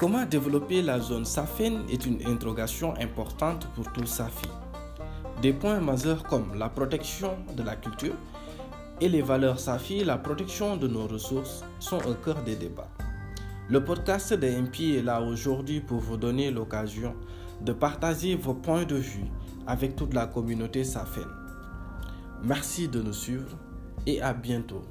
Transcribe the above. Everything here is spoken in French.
Comment développer la zone saphène est une interrogation importante pour tout Safi. Des points majeurs comme la protection de la culture et les valeurs Safi, la protection de nos ressources, sont au cœur des débats. Le podcast des MP est là aujourd'hui pour vous donner l'occasion de partager vos points de vue avec toute la communauté Safen. Merci de nous suivre et à bientôt.